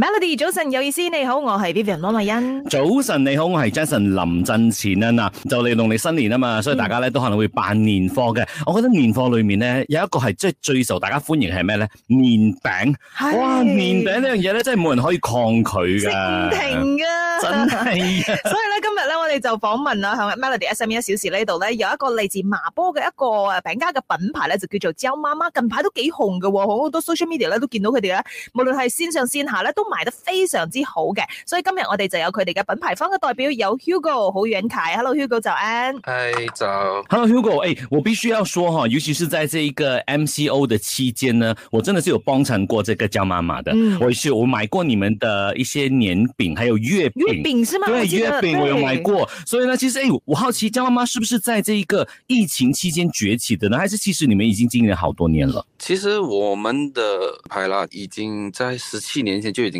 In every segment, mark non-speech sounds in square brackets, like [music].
Melody，早晨有意思，你好，我係 Vivian 羅麗欣。早晨你好，我係 Jason 林振前啊嗱，就嚟農曆新年啊嘛，所以大家咧都可能會辦年貨嘅。嗯、我覺得年貨裏面咧有一個係即係最受大家歡迎係咩咧？年餅是哇，年餅這件事呢樣嘢咧真係冇人可以抗拒嘅。唔停噶，真係。 [laughs] 所以咧今日咧我哋就訪問啊向 Melody SME 一小時呢度咧有一個嚟自麻坡嘅一個誒餅家嘅品牌咧就叫做 j 焦媽媽，近排都幾紅嘅，好多 social media 咧都見到佢哋咧，無論係線上線下咧都。賣得非常之好嘅，所以今日我哋就有佢哋嘅品牌方嘅代表有 Hugo 好遠睇 Hello Hugo 早安，Hello 早 Hugo，、欸、我必須要說哈，尤其是在這一個 MCO 的期間呢，我真的是有幫襯過這個姜媽媽的，嗯，我亦我買過你們的一些年餅，還有月餅，月餅是嗎？對，月餅我有買過，對所以呢，其實、欸、我好奇姜媽媽是不是在這一個疫情期間崛起的呢？還是其實你們已經經營了好多年了？其實我們的牌啦，已經在十七年前就已經。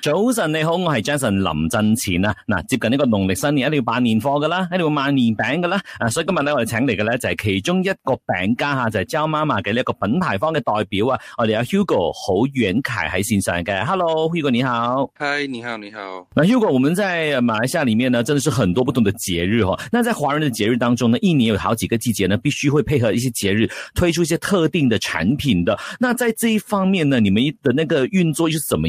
早晨你好，我係 Jason 林振前啊！嗱、啊，接近呢個農曆新年，一定要辦年貨噶啦，一定要買年餅噶啦！啊，所以今日咧我哋請嚟嘅咧就係、是、其中一個餅家吓、啊，就係、是、Jo 媽媽嘅呢一個品牌方嘅代表啊！我哋阿、啊、Hugo 好遠騎喺線上嘅，Hello Hugo 你好，嗨你好你好。那、啊、Hugo，我們在馬來西亞裏面呢，真的是很多不同的節日哦、啊。那在華人的節日當中呢，一年有好幾個季節呢，必須會配合一些節日推出一些特定的產品的。那在這一方面呢，你們的那個運作又是怎麼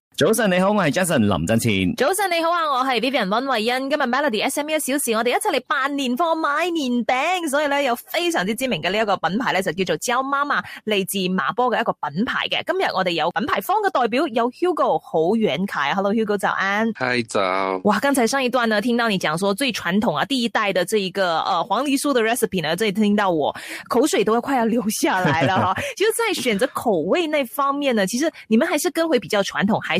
早晨你好，我係 Jason 林振前。早晨你好啊，我係 Vivian 温慧欣。今日 Melody SME 一小時，我哋一齊嚟辦年貨買年餅，所以咧有非常之知名嘅呢就叫做 Mama, 來自波的一個品牌咧就叫做 Jo Mama，嚟自馬波嘅一個品牌嘅。今日我哋有品牌方嘅代表有 Hugo 好遠凱 Hello Hugo 早安。嗨早。哇，剛才上一段呢聽到你講說最傳統啊，第一代嘅這一個呃黃梨酥嘅 recipe 呢，這裡聽到我口水都快要流下來啦，其實，在選擇口味那方面呢，其實你們還是跟回比較傳統，還。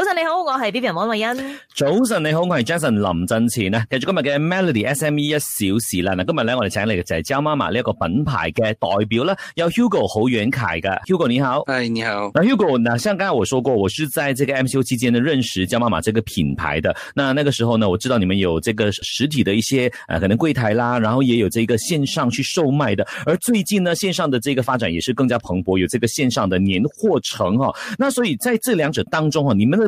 早晨你好，我係 B B 王慧欣。早晨你好，我係 Jason 林振前呢繼續今日嘅 Melody S M E 一小時啦。嗱，今日咧我哋請嚟嘅就係嬌媽媽呢一個品牌嘅代表啦，有 Hugo 侯元凱嘅。Hugo 你好，嗨你好。那 Hugo，呢？像剛才我說過，我是在這個 M C O 期間呢，認識嬌媽媽這個品牌的。那那個時候呢，我知道你們有這個實體的一些誒可能櫃台啦，然後也有這個線上去售賣的。而最近呢，線上的這個發展也是更加蓬勃，有這個線上的年貨城哦，那所以在這兩者當中哈，你們嘅。